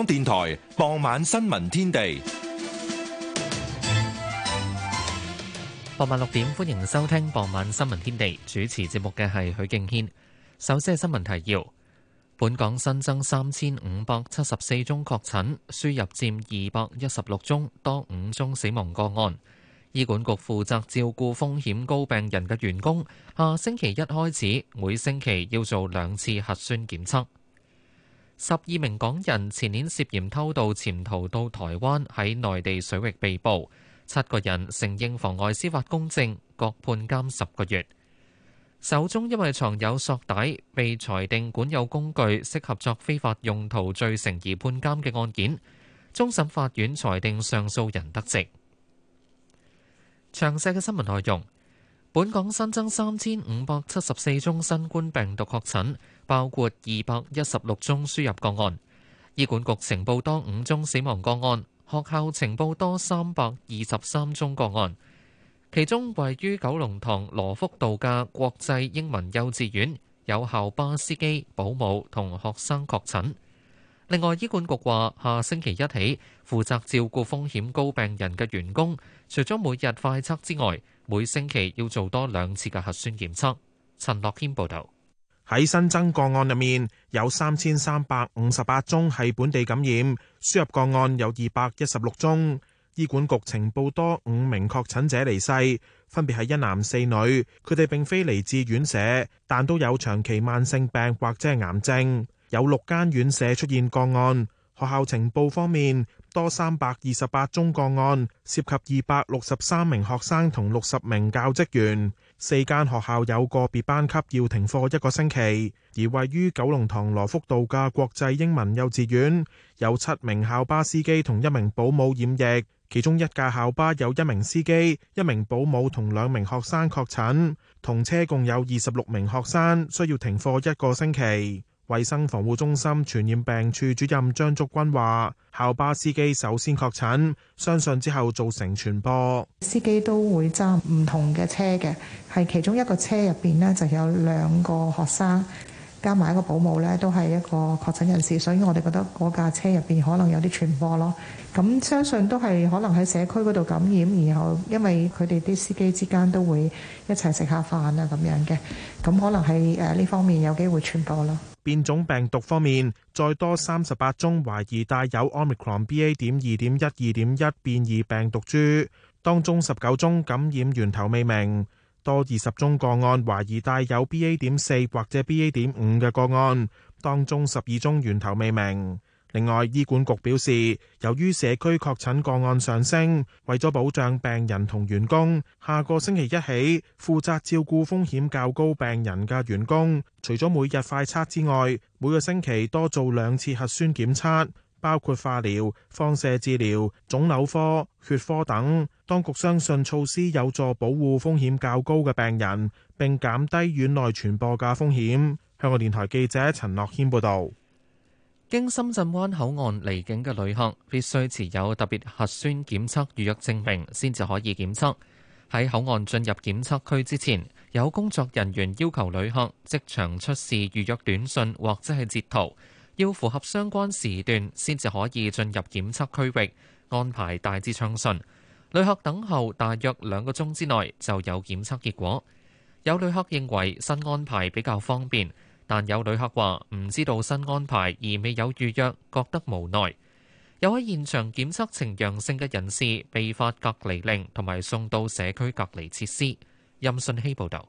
香港電台傍晚新聞天地，傍晚六點，歡迎收聽傍晚新聞天地。主持節目嘅係許敬軒。首先係新聞提要：本港新增三千五百七十四宗確診，輸入佔二百一十六宗，多五宗死亡個案。醫管局負責照顧風險高病人嘅員工，下星期一開始每星期要做兩次核酸檢測。十二名港人前年涉嫌偷渡潛逃到台灣，喺內地水域被捕。七個人承認妨礙司法公正，各判監十個月。首宗因為藏有索帶，被裁定管有工具，適合作非法用途罪成而判監嘅案件，終審法院裁定上訴人得直。詳細嘅新聞內容，本港新增三千五百七十四宗新冠病毒確診。包括二百一十六宗輸入個案，醫管局呈報多五宗死亡個案，學校呈報多三百二十三宗個案，其中位於九龍塘羅福道嘅國際英文幼稚園有校巴司機保姆同學生確診。另外，醫管局話下星期一起，負責照顧風險高病人嘅員工，除咗每日快測之外，每星期要做多兩次嘅核酸檢測，陳樂謙報道。喺新增個案入面，有三千三百五十八宗係本地感染，輸入個案有二百一十六宗。醫管局呈報多五名確診者離世，分別係一男四女，佢哋並非嚟自院舍，但都有長期慢性病或者癌症。有六間院舍出現個案。學校情報方面，多三百二十八宗個案，涉及二百六十三名學生同六十名教職員。四間學校有個別班級要停課一個星期，而位於九龍塘羅福道嘅國際英文幼稚園有七名校巴司機同一名保姆染疫，其中一架校巴有一名司機、一名保姆同兩名學生確診，同車共有二十六名學生需要停課一個星期。衛生防護中心傳染病處主任張竹君話：校巴司機首先確診，相信之後造成傳播。司機都會揸唔同嘅車嘅，係其中一個車入邊呢就有兩個學生加埋一個保姆呢都係一個確診人士，所以我哋覺得嗰架車入邊可能有啲傳播咯。咁相信都係可能喺社區嗰度感染，然後因為佢哋啲司機之間都會一齊食下飯啊，咁樣嘅，咁可能係誒呢方面有機會傳播咯。變種病毒方面，再多三十八宗懷疑帶有 omicron BA. 點二點一、二點一變異病毒株，當中十九宗感染源頭未明；多二十宗個案懷疑帶有 BA. 點四或者 BA. 點五嘅個案，當中十二宗源頭未明。另外，醫管局表示，由於社區確診個案上升，為咗保障病人同員工，下個星期一起負責照顧風險較高病人嘅員工，除咗每日快測之外，每個星期多做兩次核酸檢測，包括化療、放射治療、腫瘤科、血科等。當局相信措施有助保護風險較高嘅病人，並減低院內傳播嘅風險。香港電台記者陳樂軒報導。經深圳灣口岸離境嘅旅客，必須持有特別核酸檢測預約證明，先至可以檢測。喺口岸進入檢測區之前，有工作人員要求旅客即場出示預約短信或者係截圖，要符合相關時段，先至可以進入檢測區域。安排大致暢順，旅客等候大約兩個鐘之內就有檢測結果。有旅客認為新安排比較方便。但有旅客話唔知道新安排而未有預約，覺得無奈。有喺現場檢測呈陽性嘅人士被發隔離令同埋送到社區隔離設施。任信希報導。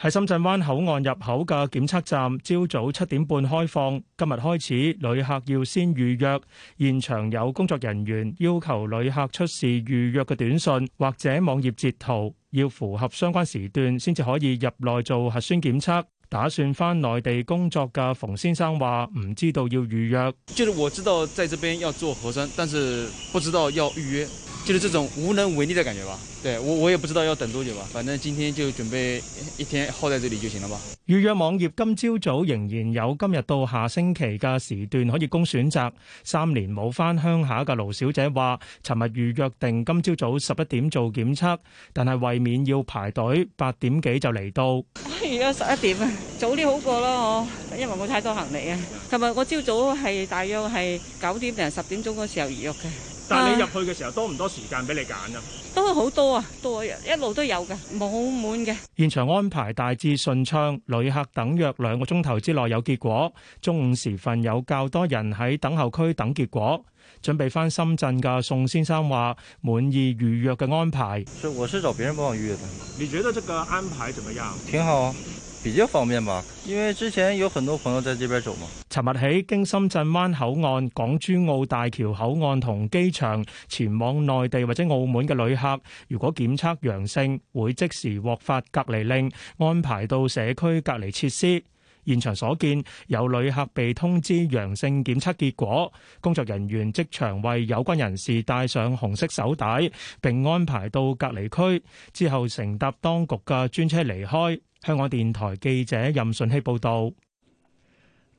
喺深圳灣口岸入口嘅檢測站，朝早七點半開放。今日開始，旅客要先預約，現場有工作人員要求旅客出示預約嘅短信或者網頁截圖，要符合相關時段先至可以入內做核酸檢測。打算翻內地工作嘅馮先生話：唔知道要預約。就是我知道在這邊要做核酸，但是不知道要預約，就是這種無能為力的感覺吧。對我，我也不知道要等多久吧，反正今天就準備一天耗在這裏就行了吧。預約網頁今朝早仍然有今日到下星期嘅時段可以供選擇。三年冇翻鄉下嘅盧小姐話：尋日預約定今朝早十一點做檢測，但係為免要排隊，八點幾就嚟到。而家十一點啊，早啲好過咯，我因為冇太多行李啊。琴日我朝早係大約係九點定十點鐘嗰時候預約嘅。但係你入去嘅時候多唔多時間俾你揀啊？都好多啊，多一路都有嘅，冇滿嘅。現場安排大致順暢，旅客等約兩個鐘頭之內有結果。中午時分有較多人喺等候區等結果。準備返深圳嘅宋先生話滿意預約嘅安排，我是找別人幫我預約嘅。你覺得這個安排怎麼樣？挺好啊，比較方便吧。因為之前有很多朋友在這邊走嘛。尋日起，經深圳灣口岸、港珠澳大橋口岸同機場前往內地或者澳門嘅旅客，如果檢測陽性，會即時獲發隔離令，安排到社區隔離設施。現場所見，有旅客被通知陽性檢測結果，工作人員即場為有關人士戴上紅色手帶，並安排到隔離區，之後乘搭當局嘅專車離開。香港電台記者任順希報導。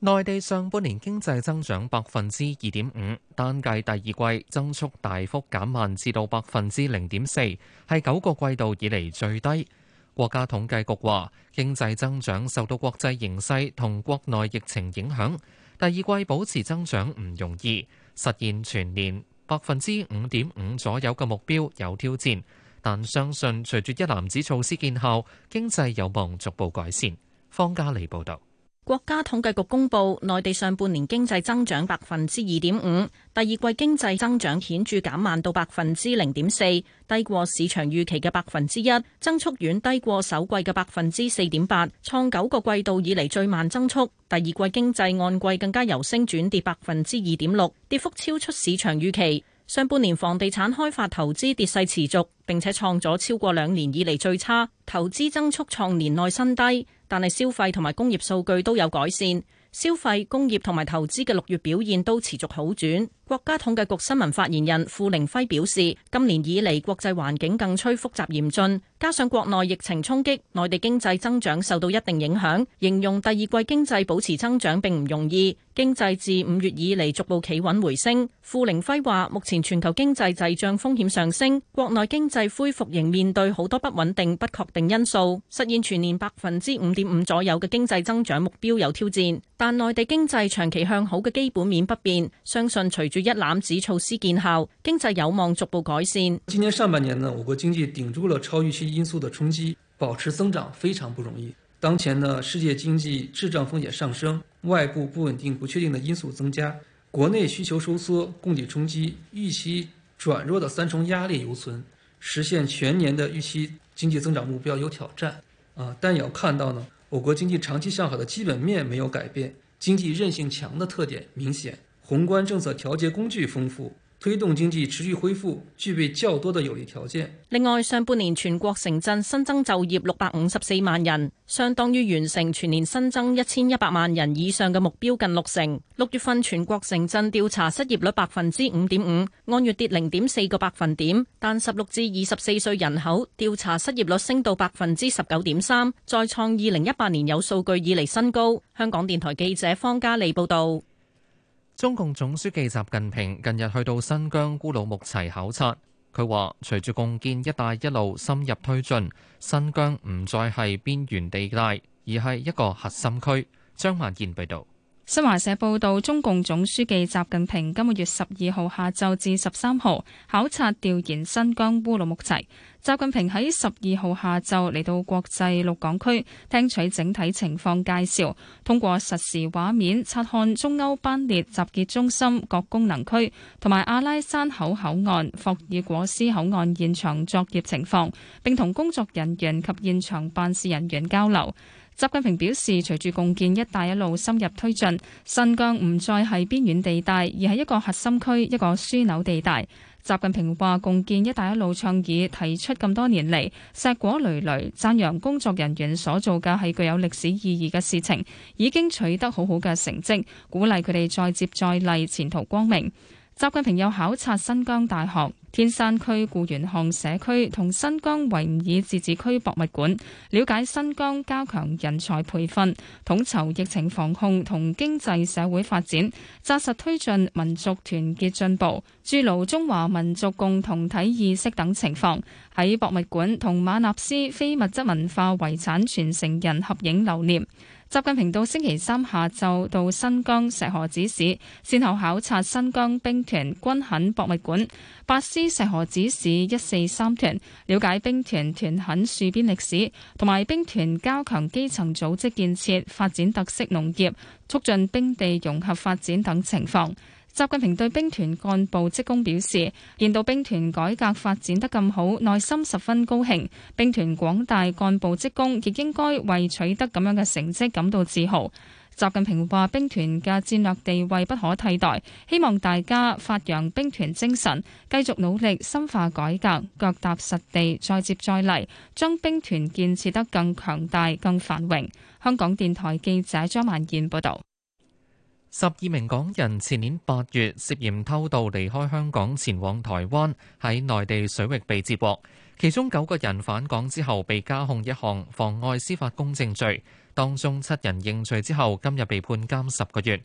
內地上半年經濟增長百分之二點五，單計第二季增速大幅減慢至到百分之零點四，係九個季度以嚟最低。國家統計局話，經濟增長受到國際形勢同國內疫情影響，第二季保持增長唔容易，實現全年百分之五點五左右嘅目標有挑戰，但相信隨住一攬子措施見效，經濟有望逐步改善。方家莉報導。國家統計局公布，內地上半年經濟增長百分之二點五，第二季經濟增長顯著減慢到百分之零點四，低過市場預期嘅百分之一，增速遠低過首季嘅百分之四點八，創九個季度以嚟最慢增速。第二季經濟按季更加由升轉跌百分之二點六，跌幅超出市場預期。上半年房地產開發投資跌勢持續，並且創咗超過兩年以嚟最差，投資增速創年內新低。但係消費同埋工業數據都有改善，消費、工業同埋投資嘅六月表現都持續好轉。國家統計局新聞發言人傅凌輝表示，今年以嚟國際環境更趨複雜嚴峻，加上國內疫情衝擊，內地經濟增長受到一定影響。形容第二季經濟保持增長並唔容易。經濟自五月以嚟逐步企穩回升。傅凌輝話：目前全球經濟滯脹風險上升，國內經濟恢復仍面對好多不穩定、不確定因素，實現全年百分之五點五左右嘅經濟增長目標有挑戰。但內地經濟長期向好嘅基本面不變，相信隨住一攬子措施見效，經濟有望逐步改善。今年上半年呢，我國經濟頂住了超預期因素的衝擊，保持增長非常不容易。當前呢，世界經濟滯脹風險上升，外部不穩定、不確定的因素增加，國內需求收縮、供給衝擊、預期轉弱的三重壓力猶存，實現全年的預期經濟增長目標有挑戰。啊，但也要看到呢，我國經濟長期向好的基本面沒有改變，經濟韌性強的特點明顯。宏觀政策調節工具豐富，推動經濟持續恢復，具備較多的有利條件。另外，上半年全國城鎮新增就業六百五十四萬人，相當於完成全年新增一千一百萬人以上嘅目標近六成。六月份全國城鎮調查失業率百分之五點五，按月跌零點四個百分點，但十六至二十四歲人口調查失業率升到百分之十九點三，再創二零一八年有數據以嚟新高。香港電台記者方嘉莉報道。中共總書記習近平近日去到新疆烏魯木齊考察，佢話：隨住共建「一帶一路」深入推進，新疆唔再係邊緣地帶，而係一個核心區。張萬健報導。新華社報道，中共總書記習近平今個月十二號下晝至十三號考察調研新疆烏魯木齊。習近平喺十二號下晝嚟到國際陸港區，聽取整體情況介紹，通過實時畫面察看中歐班列集結中心各功能區同埋阿拉山口口岸、霍爾果斯口岸現場作業情況，並同工作人員及現場辦事人員交流。習近平表示，隨住共建“一帶一路”深入推進，新疆唔再係邊遠地帶，而係一個核心區、一個樞紐地帶。習近平話，共建“一帶一路創意”倡議提出咁多年嚟，碩果累累，讚揚工作人員所做嘅係具有歷史意義嘅事情，已經取得好好嘅成績，鼓勵佢哋再接再厲，前途光明。習近平又考察新疆大學。天山區、固原巷社區同新疆維吾爾自治區博物館了解新疆加強人才培訓、統籌疫情防控同經濟社會發展、扎實推進民族團結進步、築牢中華民族共同體意識等情況。喺博物館同馬納斯非物質文化遺產傳承人合影留念。習近平到星期三下晝到新疆石河子市，先後考察新疆兵團軍墾博物館。法師石河子市一四三團了解兵團團墾戍邊歷史，同埋兵團加強基層組織建設發展特色農業促進兵地融合發展等情況。習近平對兵團幹部職工表示，見到兵團改革發展得咁好，內心十分高興，兵團廣大幹部職工亦應該為取得咁樣嘅成績感到自豪。習近平話：兵團嘅戰略地位不可替代，希望大家發揚兵團精神，繼續努力深化改革，腳踏實地，再接再厲，將兵團建設得更強大、更繁榮。香港電台記者張曼燕報道。十二名港人前年八月涉嫌偷渡離開香港，前往台灣，喺內地水域被截獲，其中九個人返港之後被加控一項妨礙司法公正罪。當中七人認罪之後，今日被判監十個月。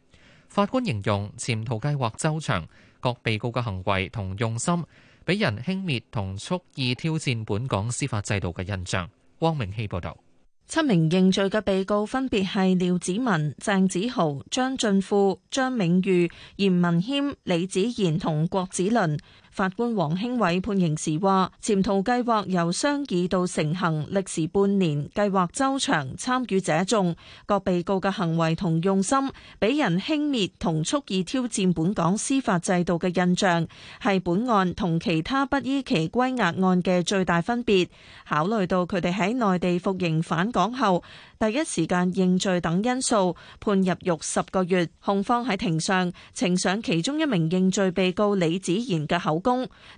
法官形容，潛逃計劃周詳，各被告嘅行為同用心，俾人輕蔑同蓄意挑戰本港司法制度嘅印象。汪明熙報道，七名認罪嘅被告分別係廖子文、鄭子豪、張俊富、張明裕、嚴文謙、李子賢同郭子倫。法官黃興偉判刑時話：潛逃計劃由商議到成行，歷時半年，計劃周詳，參與者眾。各被告嘅行為同用心，俾人輕蔑同蓄意挑戰本港司法制度嘅印象，係本案同其他不依期歸案案嘅最大分別。考慮到佢哋喺內地服刑返港後第一時間認罪等因素，判入獄十個月。控方喺庭上呈上其中一名認罪被告李子賢嘅口供。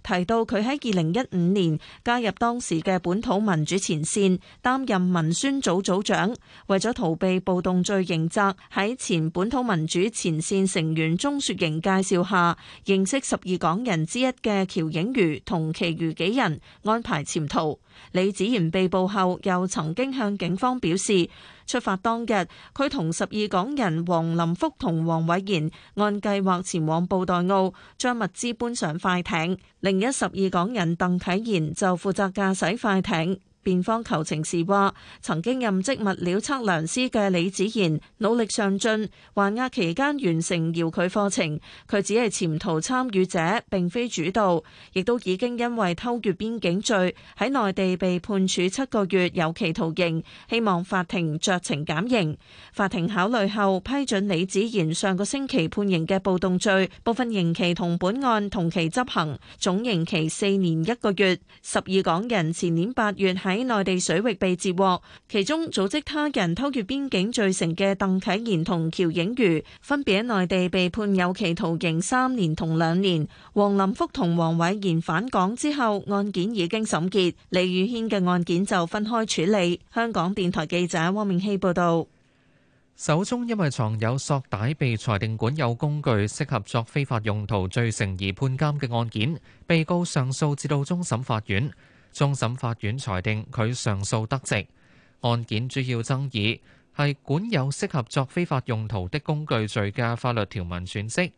提到佢喺二零一五年加入當時嘅本土民主前線，擔任民宣組組組長，為咗逃避暴動罪刑責，喺前本土民主前線成員鍾雪瑩介紹下，認識十二港人之一嘅喬映瑜，同其餘幾人安排潛逃。李子賢被捕後又曾經向警方表示。出發當日，佢同十二港人黃林福同黃偉然按計劃前往布袋澳，將物資搬上快艇；另一十二港人鄧棨然就負責駕，駕駛快艇。辯方求情時話：曾經任職物料測量師嘅李子賢努力上進，還押期間完成遙距課程。佢只係潛逃參與者，並非主導，亦都已經因為偷越邊境罪喺內地被判處七個月有期徒刑，希望法庭酌情減刑。法庭考慮後批准李子賢上個星期判刑嘅暴動罪，部分刑期同本案同期執行，總刑期四年一個月。十二港人前年八月。喺內地水域被截獲，其中組織他人偷越邊境罪成嘅鄧棨然同喬映瑜，分別喺內地被判有期徒刑三年同兩年。黃林福同黃偉然返港之後，案件已經審結。李宇軒嘅案件就分開處理。香港電台記者汪明希報道。首宗因為藏有索帶被裁定管有工具、適合作非法用途罪成而判監嘅案件，被告上訴至到終審法院。終審法院裁定佢上訴得直，案件主要爭議係管有適合作非法用途的工具罪嘅法律條文詮釋。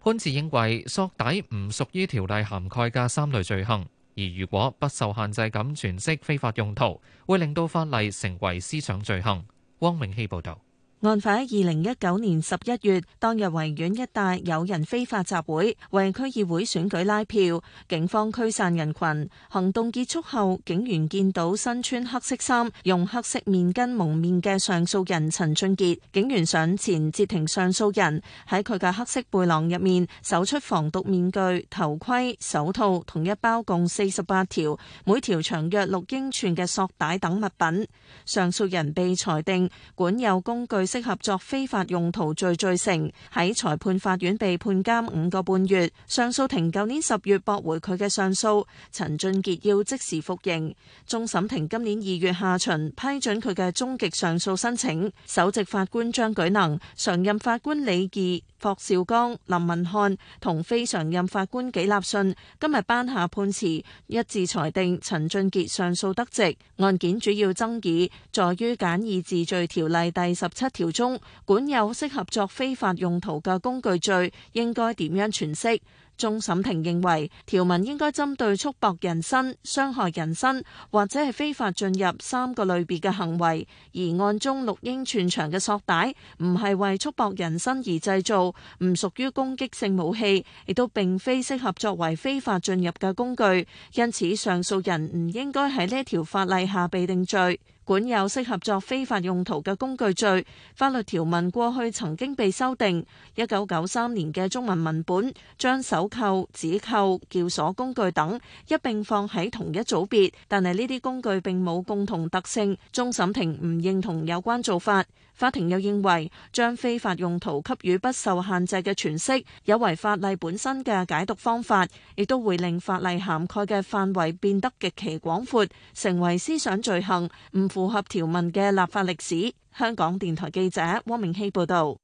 判詞認為，索底唔屬於條例涵蓋嘅三類罪行，而如果不受限制咁詮釋非法用途，會令到法例成為思想罪行。汪明希報道。案發喺二零一九年十一月，當日維園一帶有人非法集會，為區議會選舉拉票，警方驅散人群。行動結束後，警員見到身穿黑色衫、用黑色面巾蒙面嘅上訴人陳俊傑，警員上前截停上訴人，喺佢嘅黑色背囊入面搜出防毒面具、頭盔、手套同一包共四十八條、每條長約六英寸嘅索帶等物品。上訴人被裁定管有工具。適合作非法用途罪罪成，喺裁判法院被判監五個半月。上訴庭舊年十月駁回佢嘅上訴，陳俊傑要即時服刑。終審庭今年二月下旬批准佢嘅終極上訴申請。首席法官張舉能、常任法官李義。霍兆剛、林文瀚同非常任法官紀立信今日頒下判詞，一致裁定陳俊傑上訴得直。案件主要爭議在於《簡易治罪條例》第十七條中，管有適合作非法用途嘅工具罪應該點樣詮釋。終審庭認為條文應該針對束縛人身、傷害人身或者係非法進入三個類別嘅行為，而案中六英寸長嘅索帶唔係為束縛人身而製造，唔屬於攻擊性武器，亦都並非適合作為非法進入嘅工具，因此上訴人唔應該喺呢條法例下被定罪。管有適合作非法用途嘅工具罪法律條文過去曾經被修訂，一九九三年嘅中文文本將手銬、指扣、撬鎖工具等一並放喺同一組別，但係呢啲工具並冇共同特性，終審庭唔認同有關做法。法庭又認為，將非法用途給予不受限制嘅詮釋，有違法例本身嘅解讀方法，亦都會令法例涵蓋嘅範圍變得極其廣闊，成為思想罪行，唔符合條文嘅立法歷史。香港電台記者汪明希報導。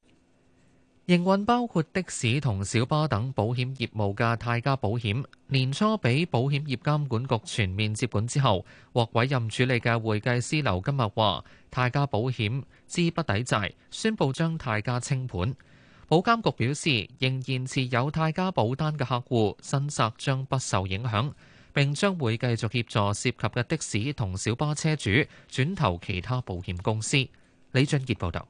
營運包括的士同小巴等保險業務嘅泰加保險，年初俾保險業監管局全面接管之後，獲委任處理嘅會計師劉金麥話：泰加保險資不抵債，宣布將泰加清盤。保監局表示，仍然持有泰加保單嘅客戶，申索將不受影響，並將會繼續協助涉及嘅的、的士同小巴車主轉投其他保險公司。李俊杰報道。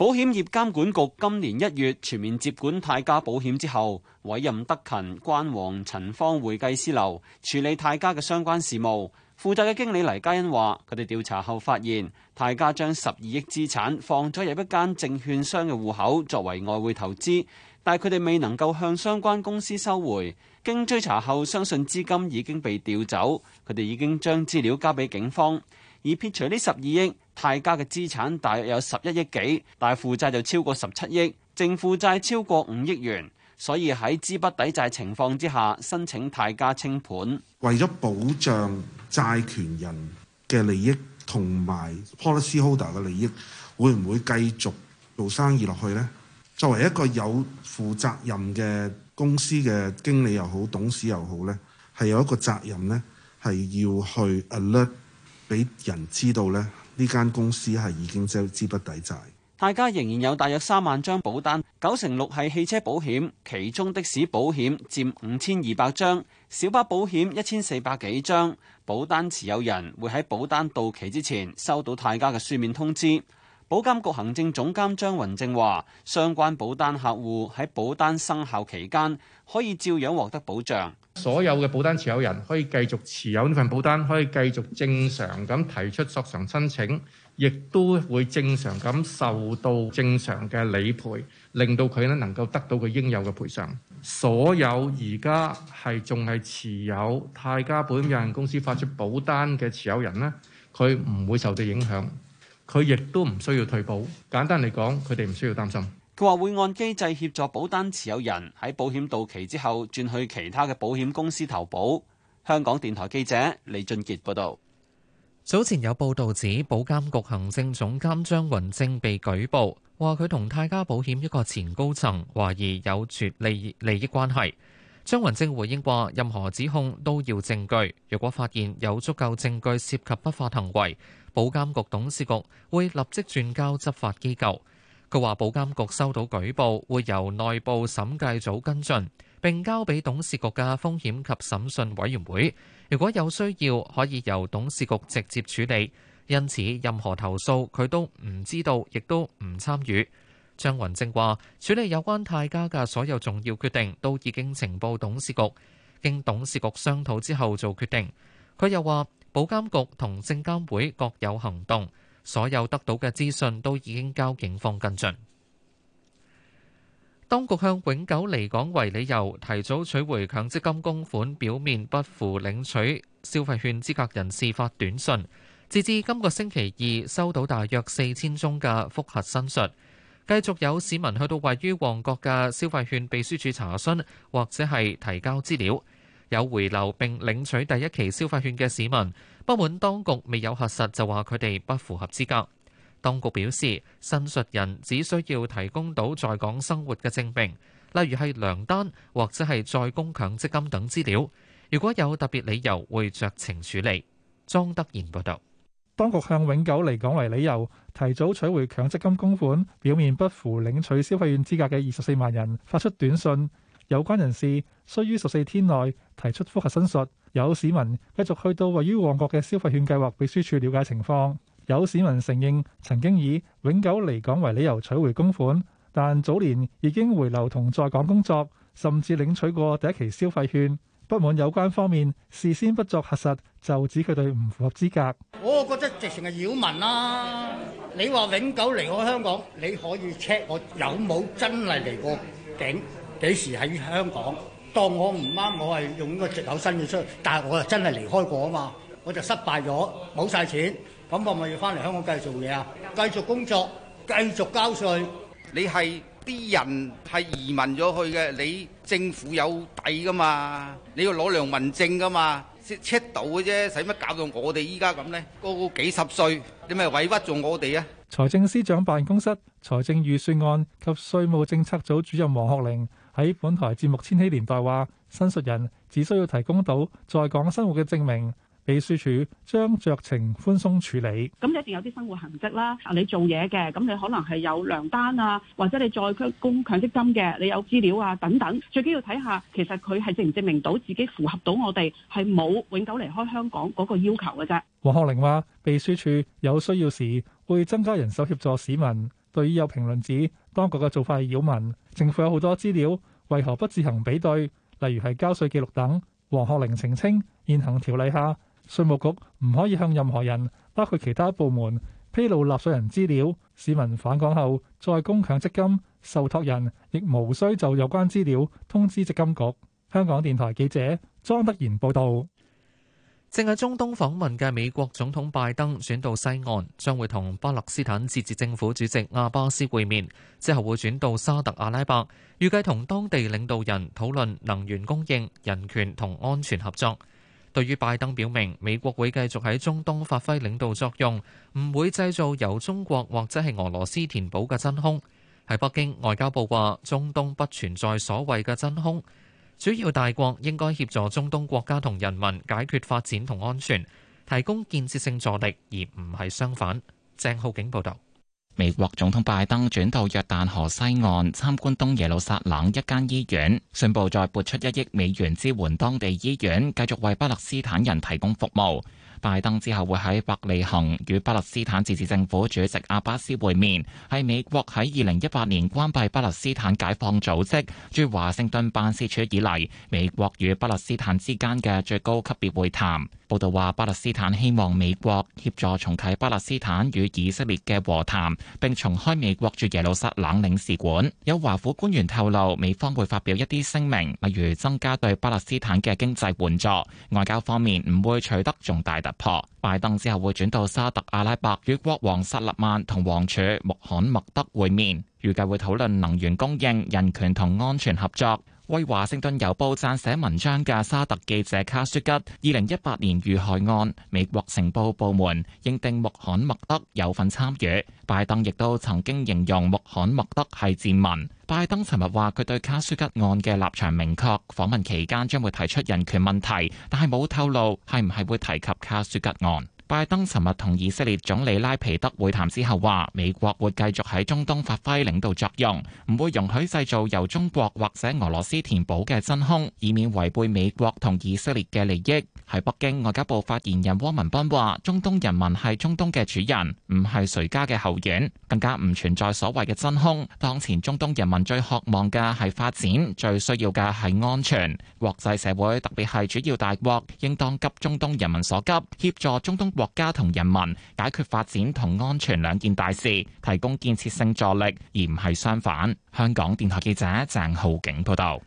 保險業監管局今年一月全面接管泰嘉保險之後，委任德勤、關黃、陳方會計師樓處理泰嘉嘅相關事務。負責嘅經理黎嘉欣話：佢哋調查後發現，泰嘉將十二億資產放咗入一間證券商嘅戶口作為外匯投資，但佢哋未能夠向相關公司收回。經追查後，相信資金已經被調走，佢哋已經將資料交俾警方，以撇除呢十二億。泰加嘅資產大約有十一億幾，但係負債就超過十七億，淨負債超過五億元，所以喺資不抵債情況之下，申請泰加清盤。為咗保障債權人嘅利益同埋 policy holder 嘅利益，會唔會繼續做生意落去呢？作為一個有負責任嘅公司嘅經理又好，董事又好呢，係有一個責任呢，係要去 alert 俾人知道呢。呢間公司係已經將資不抵債。泰加仍然有大約三萬張保單，九成六係汽車保險，其中的士保險佔五千二百張，小巴保險一千四百幾張。保單持有人會喺保單到期之前收到泰加嘅書面通知。保監局行政總監張雲正話，相關保單客戶喺保單生效期間可以照樣獲得保障。所有嘅保單持有人可以繼續持有呢份保單，可以繼續正常咁提出索償申請，亦都會正常咁受到正常嘅理賠，令到佢咧能夠得到佢應有嘅賠償，所有而家係仲係持有泰嘉保險有限公司發出保單嘅持有人咧，佢唔會受到影響。佢亦都唔需要退保。簡單嚟講，佢哋唔需要擔心。佢話會按機制協助保單持有人喺保險到期之後轉去其他嘅保險公司投保。香港電台記者李俊傑報道。早前有報道指保監局行政總監張雲正被舉報，話佢同泰嘉保險一個前高層懷疑有絕利利益關係。張雲正回應話：任何指控都要證據。如果發現有足夠證據涉及不法行為，保監局董事局會立即轉交執法機構。佢話：保監局收到舉報，會由內部審計組跟進，並交俾董事局嘅風險及審訊委員會。如果有需要，可以由董事局直接處理。因此，任何投訴佢都唔知道，亦都唔參與。張雲正話：處理有關泰家嘅所有重要決定，都已經呈報董事局，經董事局商討之後做決定。佢又話。保監局同證監會各有行動，所有得到嘅資訊都已經交警方跟進。當局向永久離港為理由提早取回強積金供款，表面不符領取消費券資格人士發短信，截至今個星期二收到大約四千宗嘅複核申述，繼續有市民去到位於旺角嘅消費券秘書處查詢或者係提交資料。有回流並領取第一期消費券嘅市民，不滿當局未有核實，就話佢哋不符合資格。當局表示，申述人只需要提供到在港生活嘅證明，例如係糧單或者係在供強積金等資料。如果有特別理由，會酌情處理。莊德賢報導，當局向永久離港為理由提早取回強積金供款，表面不符領取消費券資格嘅二十四萬人發出短信。有關人士需於十四天內提出複核申述，有市民繼續去到位於旺角嘅消費券計劃秘書處了解情況。有市民承認曾經以永久離港為理由取回公款，但早年已經回流同在港工作，甚至領取過第一期消費券。不滿有關方面事先不作核實，就指佢哋唔符合資格。我覺得直情係擾民啦，啊！你話永久離開香港，你可以 check 我有冇真係嚟過境。幾時喺香港？當我唔啱，我係用呢個藉口申請出嚟，但係我係真係離開過啊嘛，我就失敗咗，冇曬錢。咁我咪要翻嚟香港繼續做嘢啊？繼續工作，繼續交稅。你係啲人係移民咗去嘅，你政府有底噶嘛？你要攞良民證噶嘛？check 到嘅啫，使乜搞到我哋依家咁咧？高幾十歲，你咪委屈咗我哋啊？財政司長辦公室財政預算案及稅務政策組主任黃學玲。喺本台節目《千禧年代》話，申訴人只需要提供到在港生活嘅證明，秘書處將酌情寬鬆處理。咁一定有啲生活痕跡啦，你做嘢嘅，咁你可能係有糧單啊，或者你在供強積金嘅，你有資料啊等等，最緊要睇下其實佢係證唔證明到自己符合到我哋係冇永久離開香港嗰個要求嘅啫。黃學玲話：秘書處有需要時會增加人手協助市民。對於有評論指當局嘅做法係擾民，政府有好多資料。為何不自行比對？例如係交稅記錄等。黃學玲澄清，現行條例下，稅務局唔可以向任何人，包括其他部門，披露納稅人資料。市民返港後再供強積金，受託人亦無需就有關資料通知積金局。香港電台記者莊德賢報導。正喺中東訪問嘅美國總統拜登轉到西岸，將會同巴勒斯坦自治政府主席阿巴斯會面，之後會轉到沙特阿拉伯，預計同當地領導人討論能源供應、人權同安全合作。對於拜登表明美國會繼續喺中東發揮領導作用，唔會製造由中國或者係俄羅斯填補嘅真空。喺北京外交部話，中東不存在所謂嘅真空。主要大國應該協助中東國家同人民解決發展同安全，提供建設性助力，而唔係相反。鄭浩景報道，美國總統拜登轉到約旦河西岸參觀東耶路撒冷一間醫院，宣佈再撥出一億美元支援當地醫院，繼續為巴勒斯坦人提供服務。拜登之後會喺伯利恆與巴勒斯坦自治政府主席阿巴斯會面，係美國喺二零一八年關閉巴勒斯坦解放組織駐華盛頓辦事處以嚟，美國與巴勒斯坦之間嘅最高級別會談。報道話，巴勒斯坦希望美國協助重啟巴勒斯坦與以色列嘅和談，並重開美國駐耶路撒冷領，領事館。有華府官員透露，美方會發表一啲聲明，例如增加對巴勒斯坦嘅經濟援助。外交方面唔會取得重大，大拜登之後會轉到沙特阿拉伯與國王薩勒曼同王儲穆罕默德會面，預計會討論能源供應、人權同安全合作。為華盛頓郵報撰寫文章嘅沙特記者卡舒吉，二零一八年遇害案，美國情報部門認定穆罕默德有份參與。拜登亦都曾經形容穆罕默德係賤民。拜登尋日話佢對卡舒吉案嘅立場明確，訪問期間將會提出人權問題，但係冇透露係唔係會提及卡舒吉案。拜登尋日同以色列總理拉皮德會談之後話，美國會繼續喺中東發揮領導作用，唔會容許製造由中國或者俄羅斯填補嘅真空，以免違背美國同以色列嘅利益。喺北京外交部發言人汪文斌話，中東人民係中東嘅主人，唔係誰家嘅後院，更加唔存在所謂嘅真空。當前中東人民最渴望嘅係發展，最需要嘅係安全。國際社會，特別係主要大國，應當急中東人民所急，協助中東國家同人民解決發展同安全兩件大事，提供建設性助力，而唔係相反。香港電台記者鄭浩景報道。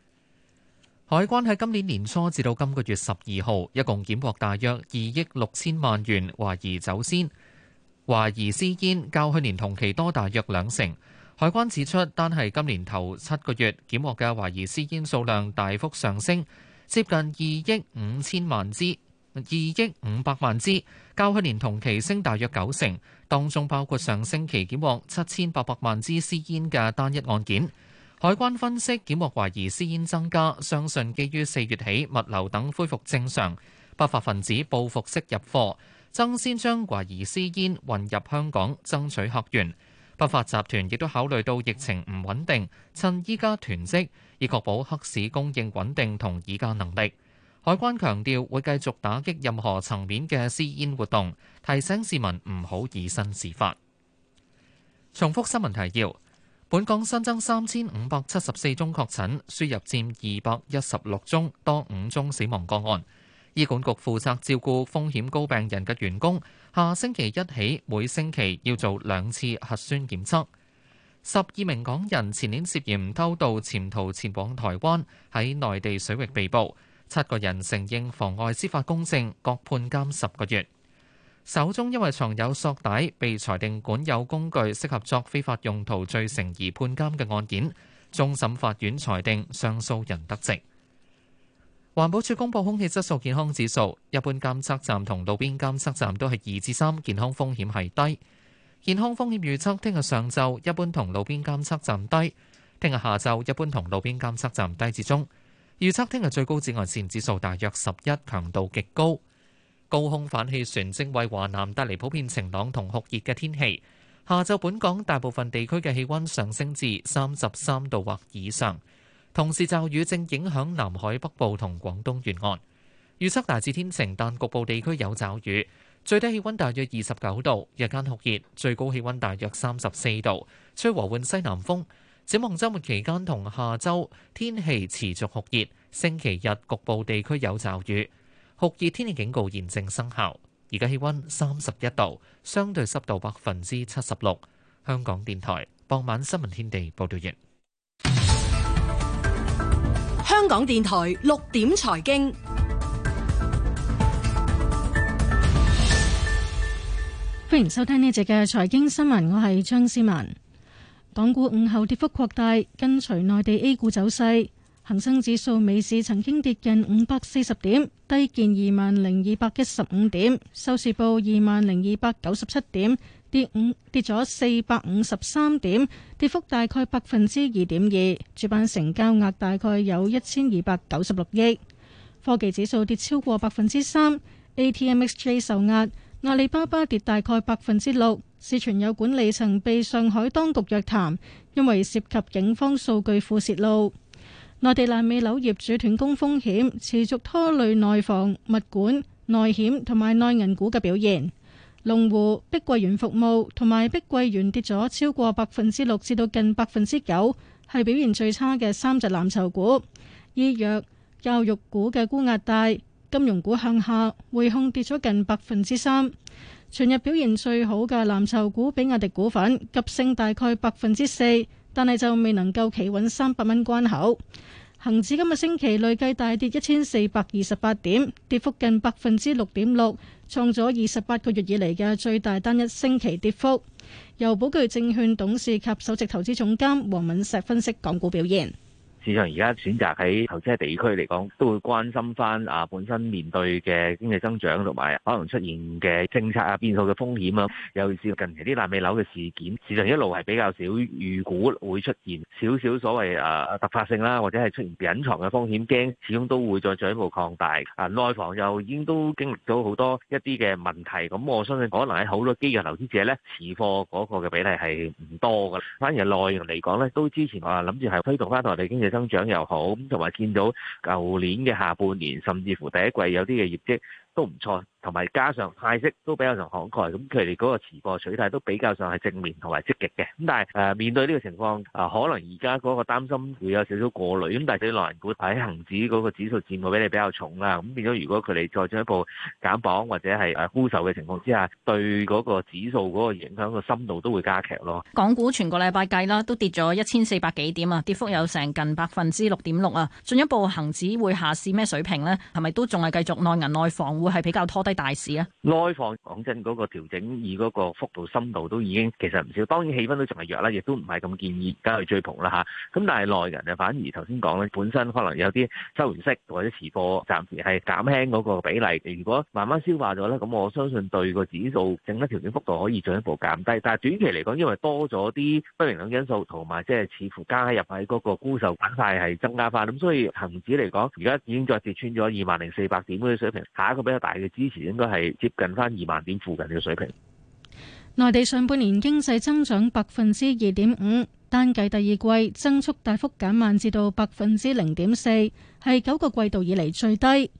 海關喺今年年初至到今個月十二號，一共檢獲大約二億六千萬元懷疑走私、懷疑私煙，較去年同期多大約兩成。海關指出，單係今年頭七個月檢獲嘅懷疑私煙數量大幅上升，接近二億五千萬支，二億五百萬支，較去年同期升大約九成。當中包括上星期檢獲七千八百萬支私煙嘅單一案件。海關分析，檢獲懷疑私煙增加，相信基於四月起物流等恢復正常，不法分子報復式入貨，爭先將懷疑私煙運入香港爭取客源。不法集團亦都考慮到疫情唔穩定，趁依家囤積，以確保黑市供應穩定同議價能力。海關強調會繼續打擊任何層面嘅私煙活動，提醒市民唔好以身試法。重複新聞提要。本港新增三千五百七十四宗確診，輸入佔二百一十六宗，多五宗死亡個案。醫管局負責照顧風險高病人嘅員工，下星期一起每星期要做兩次核酸檢測。十二名港人前年涉嫌偷渡潛逃前往台灣，喺內地水域被捕，七個人承認妨礙司法公正，各判監十個月。手中因為藏有索帶，被裁定管有工具適合作非法用途罪成而判監嘅案件，終審法院裁定上訴人得直。環保署公布空氣質素健康指數，一般監測站同路邊監測站都係二至三，3，健康風險係低。健康風險預測聽日上晝一般同路邊監測站低，聽日下晝一般同路邊監測站低至中。預測聽日最高紫外線指數大約十一，強度極高。高空反氣旋正為華南帶嚟普遍晴朗同酷熱嘅天氣，下晝本港大部分地區嘅氣温上升至三十三度或以上，同時驟雨正影響南海北部同廣東沿岸。預測大致天晴，但局部地區有驟雨。最低氣温大約二十九度，日間酷熱，最高氣温大約三十四度，吹和緩西南風。展望週末期間同下周，天氣持續酷熱，星期日局部地區有驟雨。酷熱天氣警告現正生效，而家氣溫三十一度，相對濕度百分之七十六。香港電台傍晚新聞天地報道完。香港電台六點財經，歡迎收聽呢集嘅財經新聞，我係張思文。港股午後跌幅擴大，跟隨內地 A 股走勢。恒生指數尾市曾經跌近五百四十點，低見二萬零二百一十五點，收市報二萬零二百九十七點，跌五跌咗四百五十三點，跌幅大概百分之二點二。主板成交額大概有一千二百九十六億。科技指數跌超過百分之三，ATMXJ 受壓，阿里巴巴跌大概百分之六。市傳有管理層被上海當局約談，因為涉及警方數據庫泄露。內地爛尾樓業主斷供風險持續拖累內房、物管、內險同埋內銀股嘅表現。龍湖、碧桂園服務同埋碧桂園跌咗超過百分之六，至到近百分之九，係表現最差嘅三隻藍籌股。醫藥、教育股嘅沽壓大，金融股向下匯控，跌，跌咗近百分之三。全日表現最好嘅藍籌股比亞迪股份急升大概百分之四。但係就未能夠企穩三百蚊關口，恒指今個星期累計大跌一千四百二十八點，跌幅近百分之六點六，創咗二十八個月以嚟嘅最大單一星期跌幅。由寶具證券董事及首席投資總監黃敏石分析港股表現。市場而家選擇喺投資地區嚟講，都會關心翻啊本身面對嘅經濟增長，同埋可能出現嘅政策啊變數嘅風險啊。尤其是近期啲爛尾樓嘅事件，市場一路係比較少預估會出現少少所謂啊突發性啦，或者係出現隱藏嘅風險，驚始終都會再進一步擴大啊。內房又已經都經歷到好多一啲嘅問題，咁我相信可能喺好多機嘅投資者咧，持貨嗰個嘅比例係唔多噶啦，反而係內房嚟講咧，都之前我諗住係推動翻內地經濟。增長又好，咁同埋見到舊年嘅下半年，甚至乎第一季有啲嘅業績。都唔錯，同埋加上派息都比較上慷慨，咁佢哋嗰個持貨取態都比較上係正面同埋積極嘅。咁但係誒面對呢個情況，誒可能而家嗰個擔心會有少少過慮。咁但係對內銀股喺恒指嗰個指數佔個比例比較重啦，咁變咗如果佢哋再進一步減磅或者係誒沽售嘅情況之下，對嗰個指數嗰個影響個深度都會加劇咯。港股全個禮拜計啦，都跌咗一千四百幾點啊，跌幅有成近百分之六點六啊。進一步恒指會下試咩水平呢？係咪都仲係繼續內銀內房？會係比較拖低大市啊？內房講真，嗰個調整以嗰個幅度深度都已經其實唔少。當然氣氛都仲係弱啦，亦都唔係咁建議而家去追捧啦吓。咁、啊、但係內人就反而頭先講咧，本身可能有啲收完息或者持貨，暫時係減輕嗰個比例。如果慢慢消化咗咧，咁我相信對個指數整個調整幅度可以進一步減低。但係短期嚟講，因為多咗啲不明朗因素，同埋即係似乎加入喺嗰個沽售板塊係增加翻，咁所以恒指嚟講，而家已經再跌穿咗二萬零四百點嗰啲水平，下一個。大嘅支持應該係接近翻二萬點附近嘅水平。內地上半年經濟增長百分之二點五，單計第二季增速大幅減慢至到百分之零點四，係九個季度以嚟最低。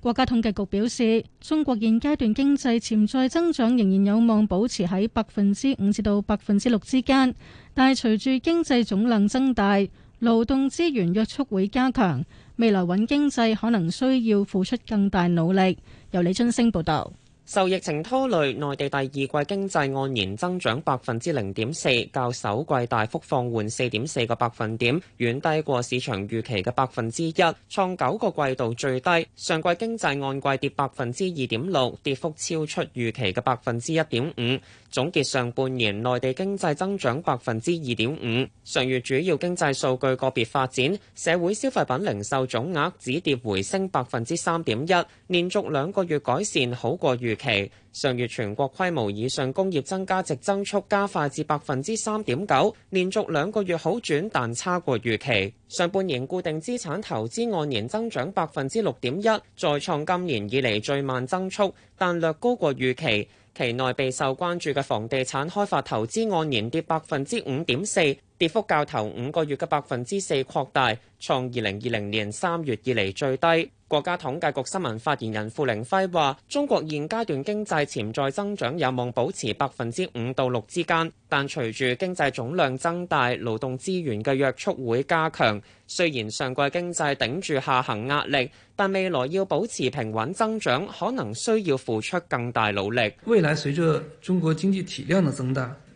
國家統計局表示，中國現階段經濟潛在增長仍然有望保持喺百分之五至到百分之六之間，但係隨住經濟總量增大，勞動資源約束會加強。未來穩經濟可能需要付出更大努力。由李春升報導。受疫情拖累，內地第二季經濟按年增長百分之零點四，較首季大幅放緩四點四個百分點，遠低過市場預期嘅百分之一，創九個季度最低。上季經濟按季跌百分之二點六，跌幅超出預期嘅百分之一點五。總結上半年內地經濟增長百分之二點五，上月主要經濟數據個別發展，社會消費品零售總額止跌回升百分之三點一，連續兩個月改善，好過預期。上月全國規模以上工業增加值增速加快至百分之三點九，連續兩個月好轉，但差過預期。上半年固定資產投資按年增長百分之六點一，再創今年以來最慢增速，但略高過預期。期內備受關注嘅房地產開發投資按年跌百分之五點四。跌幅較頭五個月嘅百分之四擴大，創二零二零年三月以嚟最低。國家統計局新聞發言人傅凌輝話：中國現階段經濟潛在增長有望保持百分之五到六之間，但隨住經濟總量增大，勞動資源嘅約束會加強。雖然上季經濟頂住下行壓力，但未來要保持平穩增長，可能需要付出更大努力。未來隨著中國經濟體量嘅增大。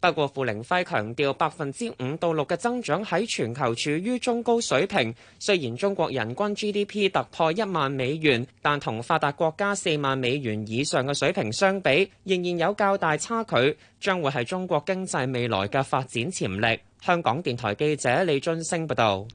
不過，傅玲輝強調，百分之五到六嘅增長喺全球處於中高水平。雖然中國人均 GDP 突破一萬美元，但同發達國家四萬美元以上嘅水平相比，仍然有較大差距。將會係中國經濟未來嘅發展潛力。香港電台記者李津升報道，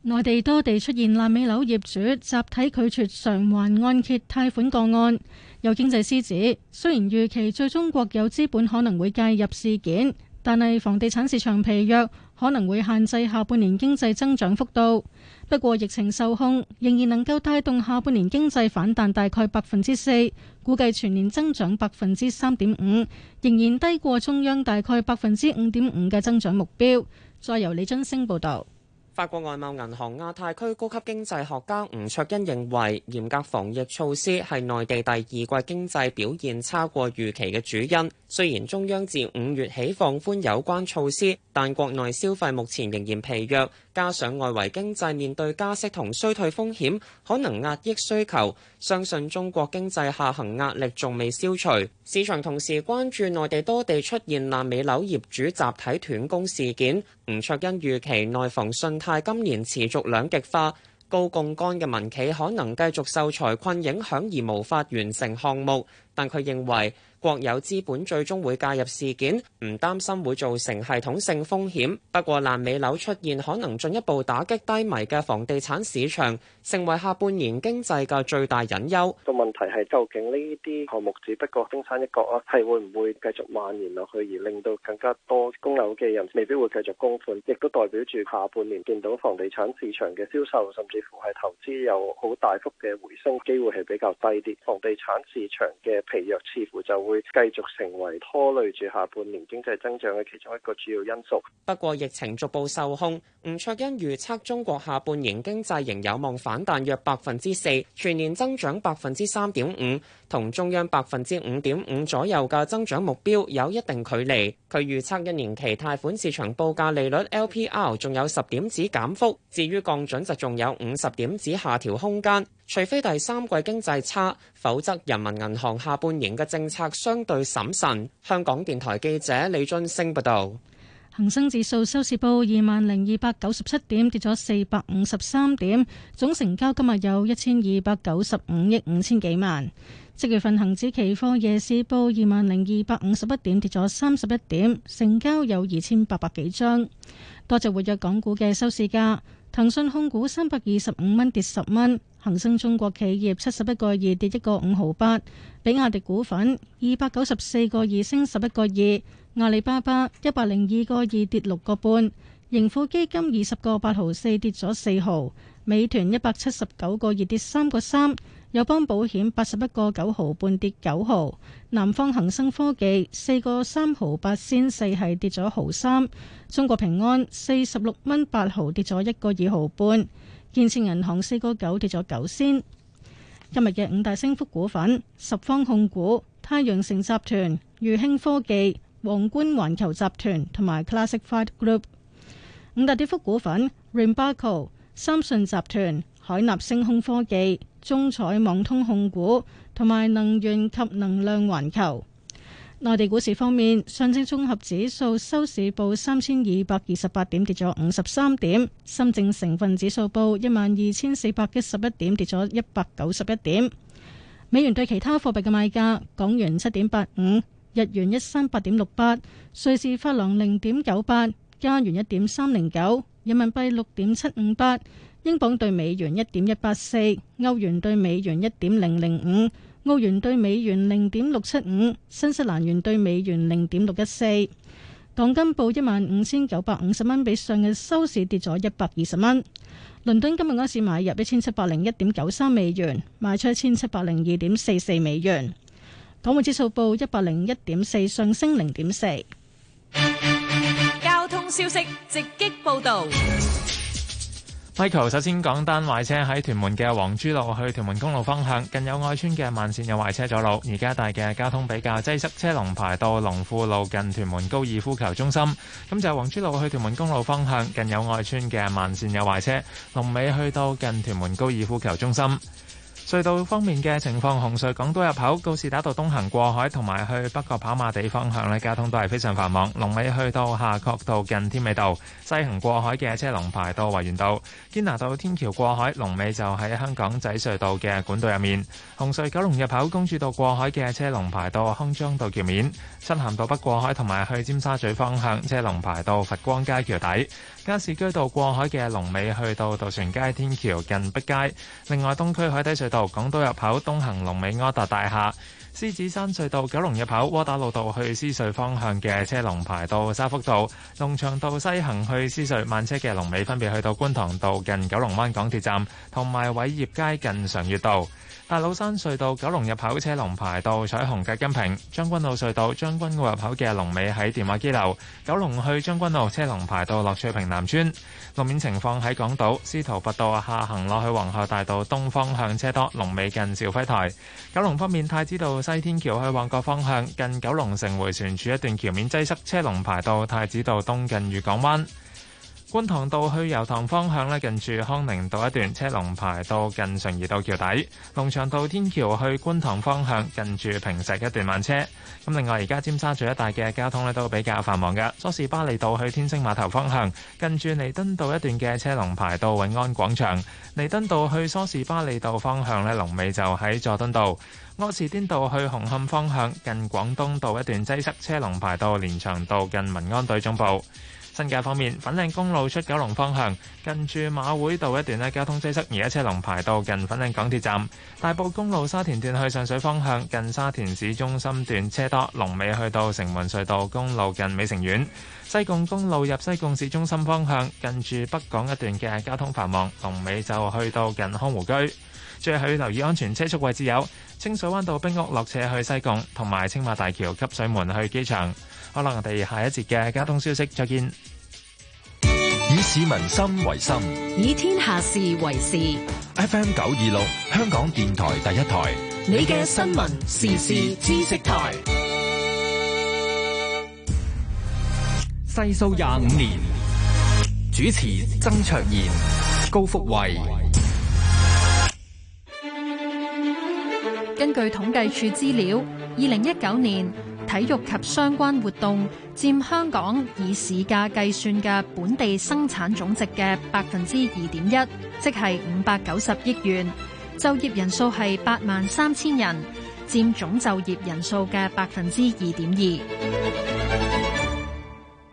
內地多地出現爛尾樓業主集體拒絕償還按揭貸款個案。有經濟師指，雖然預期最終國有資本可能會介入事件，但係房地產市場疲弱可能會限制下半年經濟增長幅度。不過，疫情受控，仍然能夠帶動下半年經濟反彈，大概百分之四，估計全年增長百分之三點五，仍然低過中央大概百分之五點五嘅增長目標。再由李津升報導。法國外貿銀行亞太區高級經濟學家吳卓恩認為，嚴格防疫措施係內地第二季經濟表現差過預期嘅主因。雖然中央自五月起放寬有關措施，但國內消費目前仍然疲弱，加上外圍經濟面對加息同衰退風險，可能壓抑需求。相信中國經濟下行壓力仲未消除。市場同時關注內地多地出現爛尾樓業主集體斷供事件。吳卓恩預期內房信係今年持續兩極化，高槓桿嘅民企可能繼續受財困影響，而無法完成項目。但佢認為國有資本最終會介入事件，唔擔心會造成系統性風險。不過爛尾樓出現可能進一步打擊低迷嘅房地產市場，成為下半年經濟嘅最大隱憂。個問題係究竟呢啲項目只不過冰山一角啊，係會唔會繼續蔓延落去，而令到更加多供樓嘅人未必會繼續供款，亦都代表住下半年見到房地產市場嘅銷售甚至乎係投資有好大幅嘅回升機會係比較低啲。房地產市場嘅疲弱似乎就會繼續成為拖累住下半年經濟增長嘅其中一個主要因素。不過疫情逐步受控，吳卓欣預測中國下半年經濟仍有望反彈約百分之四，全年增長百分之三點五，同中央百分之五點五左右嘅增長目標有一定距離。佢預測一年期貸款市場報價利率 LPR 仲有十點子減幅，至於降準就仲有五十點子下調空間。除非第三季經濟差，否則人民銀行下半年嘅政策相對審慎。香港電台記者李俊升報道。恒生指數收市報二萬零二百九十七點跌咗四百五十三點，總成交今日有一千二百九十五億五千幾萬，即月份恒指期貨夜市報二萬零二百五十一點跌咗三十一點，成交有二千八百幾張，多隻活躍港股嘅收市價。騰訊控股三百二十五蚊跌十蚊，恒生中國企業七十一個二跌一個五毫八，比亞迪股份二百九十四個二升十一個二，阿里巴巴一百零二個二跌六個半，盈富基金二十個八毫四跌咗四毫。美團一百七十九個二跌三個三，友邦保險八十一個九毫半跌九毫，南方恒生科技四個三毫八仙四係跌咗毫三，中國平安四十六蚊八毫跌咗一個二毫半，建設銀行四個九跌咗九仙。今日嘅五大升幅股，股份：十方控股、太陽城集團、裕興科技、皇冠環球集團同埋 Classic Fight Group。五大跌幅股，股份 Rimbaco 三信集團、海納星空科技、中彩網通控股同埋能源及能量環球。內地股市方面，上證綜合指數收市報三千二百二十八點，跌咗五十三點；深證成分指數報一萬二千四百一十一點，跌咗一百九十一點。美元對其他貨幣嘅賣價：港元七點八五，日元一三八點六八，瑞士法郎零點九八。加元一點三零九，9, 人民幣六點七五八，英鎊兌美元一點一八四，歐元兌美元一點零零五，澳元兌美元零點六七五，新西蘭元兌美元零點六一四。港金報一萬五千九百五十蚊，比上日收市跌咗一百二十蚊。倫敦今日開市買入一千七百零一點九三美元，賣出一千七百零二點四四美元。港匯指數報一百零一點四，上升零點四。消息直擊報道。Michael 首先講單壞車喺屯門嘅黃珠路去屯門公路方向，近友愛村嘅慢線有壞車阻路，而家大嘅交通比較擠塞，車龍排到龍富路近屯門高爾夫球中心。咁就係黃珠路去屯門公路方向，近友愛村嘅慢線有壞車，龍尾去到近屯門高爾夫球中心。隧道方面嘅情況，紅隧港島入口、告士打道東行過海同埋去北角跑馬地方向呢，交通都係非常繁忙。龍尾去到夏慤道近添美道，西行過海嘅車龍排到維園道，堅拿道天橋過海龍尾就喺香港仔隧道嘅管道入面。紅隧九龍入口公主道過海嘅車龍排到康莊道橋面，漆咸道北過海同埋去尖沙咀方向車龍排到佛光街橋底。加士居道過海嘅龍尾去到渡船街天橋近碧街，另外東區海底隧道港島入口東行龍尾柯達大廈，獅子山隧道九龍入口窩打老道去獅隧方向嘅車龍排到沙福道，龍翔道西行去獅隧慢車嘅龍尾分別去到觀塘道近九龍灣港鐵站，同埋偉業街近常悅道。大老山隧道九龍入口車龍排到彩虹隔音屏將軍澳隧道將軍澳入口嘅龍尾喺電話機樓，九龍去將軍澳車龍排到落翠屏南村路面情況喺港島司徒拔道下行落去皇后大道東方向車多，龍尾近肇輝台。九龍方面太子道西天橋去旺角方向近九龍城回旋處一段橋面擠塞，車龍排到太子道東近御港灣。觀塘道去油塘方向咧，近住康寧道一段車龍排到近順義道橋底；龍翔道天橋去觀塘方向，近住平石一段慢車。咁另外，而家尖沙咀一帶嘅交通咧都比較繁忙嘅。梳士巴利道去天星碼頭方向，近住彌敦道一段嘅車龍排到永安廣場。彌敦道去梳士巴利道方向咧，龍尾就喺佐敦道。柯士甸道去紅磡方向，近廣東道一段擠塞車龍，車龍排到連翔道近民安隊總部。新界方面，粉嶺公路出九龍方向，近住馬會道一段咧交通擠塞，而家車龍排到近粉嶺港鐵站。大埔公路沙田段去上水方向，近沙田市中心段車多，龍尾去到城門隧道公路近美城苑。西貢公路入西貢市中心方向，近住北港一段嘅交通繁忙，龍尾就去到近康湖居。最後要留意安全車速位置有清水灣道冰屋落斜去西貢，同埋青馬大橋汲水門去機場。可能我哋下一節嘅交通消息再見。以市民心為心，以天下事為事。FM 九二六香港電台第一台，你嘅新聞時事知識台。細數廿五年，主持曾卓然、高福慧。根據統計處資料，二零一九年。體育及相關活動佔香港以市價計算嘅本地生產總值嘅百分之二點一，即係五百九十億元；就業人數係八萬三千人，佔總就業人數嘅百分之二點二。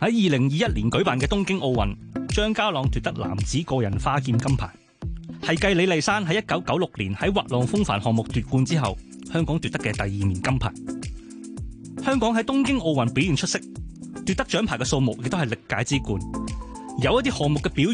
喺二零二一年舉辦嘅東京奧運，張家朗奪得男子個人花劍金牌，係繼李麗珊喺一九九六年喺滑浪風帆項目奪冠之後，香港奪得嘅第二面金牌。香港喺東京奧運表現出色，奪得獎牌嘅數目亦都係歷屆之冠，有一啲項目嘅表。